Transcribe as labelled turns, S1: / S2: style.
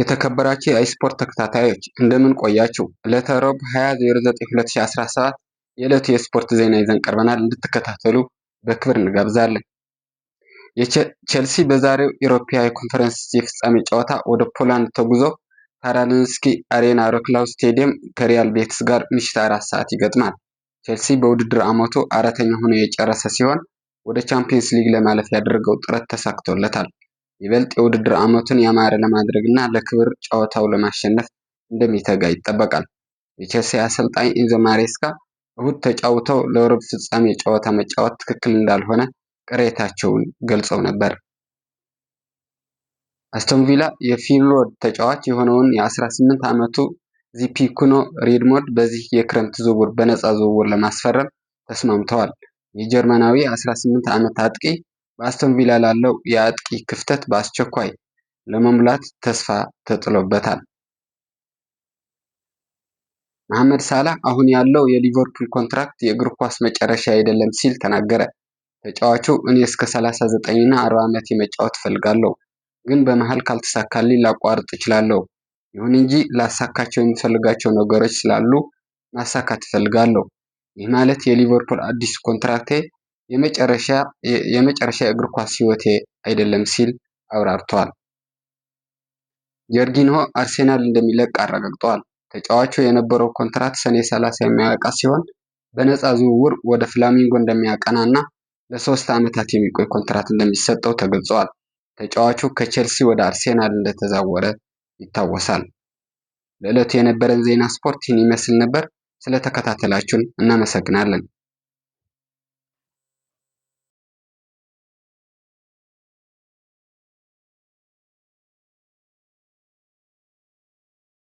S1: የተከበራችሁ የአይስፖርት ተከታታዮች እንደምን ቆያችሁ? ዕለተ ረቡዕ 20/09/2017 የዕለቱ የስፖርት ዜና ይዘን ቀርበናል። እንድትከታተሉ በክብር እንጋብዛለን። ቼልሲ በዛሬው ኢሮፓ የኮንፈረንስ የፍጻሜ ጨዋታ ወደ ፖላንድ ተጉዞ ታራንስኪ አሬና ሮክላው ስቴዲየም ከሪያል ቤትስ ጋር ምሽት አራት ሰዓት ይገጥማል። ቼልሲ በውድድር ዓመቱ አራተኛ ሆኖ የጨረሰ ሲሆን ወደ ቻምፒየንስ ሊግ ለማለፍ ያደረገው ጥረት ተሳክቶለታል። ይበልጥ የውድድር ዓመቱን ያማረ ለማድረግ እና ለክብር ጨዋታው ለማሸነፍ እንደሚተጋ ይጠበቃል። የቼልሲ አሰልጣኝ ኢንዞ ማሬስካ እሁድ ተጫውተው ለሩብ ፍጻሜ ጨዋታ መጫወት ትክክል እንዳልሆነ ቅሬታቸውን ገልጸው ነበር። አስቶን ቪላ የፊሎድ ተጫዋች የሆነውን የ18 ዓመቱ ዚፒኩኖ ሪድሞንድ በዚህ የክረምት ዝውውር በነፃ ዝውውር ለማስፈረም ተስማምተዋል። የጀርመናዊ 18 ዓመት አጥቂ በአስቶን ቪላ ላለው የአጥቂ ክፍተት በአስቸኳይ ለመሙላት ተስፋ ተጥሎበታል። መሐመድ ሳላህ አሁን ያለው የሊቨርፑል ኮንትራክት የእግር ኳስ መጨረሻ አይደለም ሲል ተናገረ። ተጫዋቹ እኔ እስከ 39 እና 40 ዓመት መጫወት እፈልጋለሁ፣ ግን በመሃል ካልተሳካልኝ ላቋርጥ እችላለሁ። ይሁን እንጂ ላሳካቸው የምፈልጋቸው ነገሮች ስላሉ ማሳካት እፈልጋለሁ። ይህ ማለት የሊቨርፑል አዲስ ኮንትራክቴ የመጨረሻ የእግር ኳስ ህይወቴ አይደለም ሲል አብራርቷል። ጆርጊንሆ አርሴናል እንደሚለቅ አረጋግጧል። ተጫዋቹ የነበረው ኮንትራት ሰኔ 30 የሚያበቃ ሲሆን በነፃ ዝውውር ወደ ፍላሚንጎ እንደሚያቀና እና ለሶስት ዓመታት የሚቆይ ኮንትራት እንደሚሰጠው ተገልጿል። ተጫዋቹ ከቼልሲ ወደ አርሴናል እንደተዛወረ ይታወሳል። ለዕለቱ የነበረን ዜና ስፖርት ይህን ይመስል ነበር። ስለተከታተላችሁን እናመሰግናለን።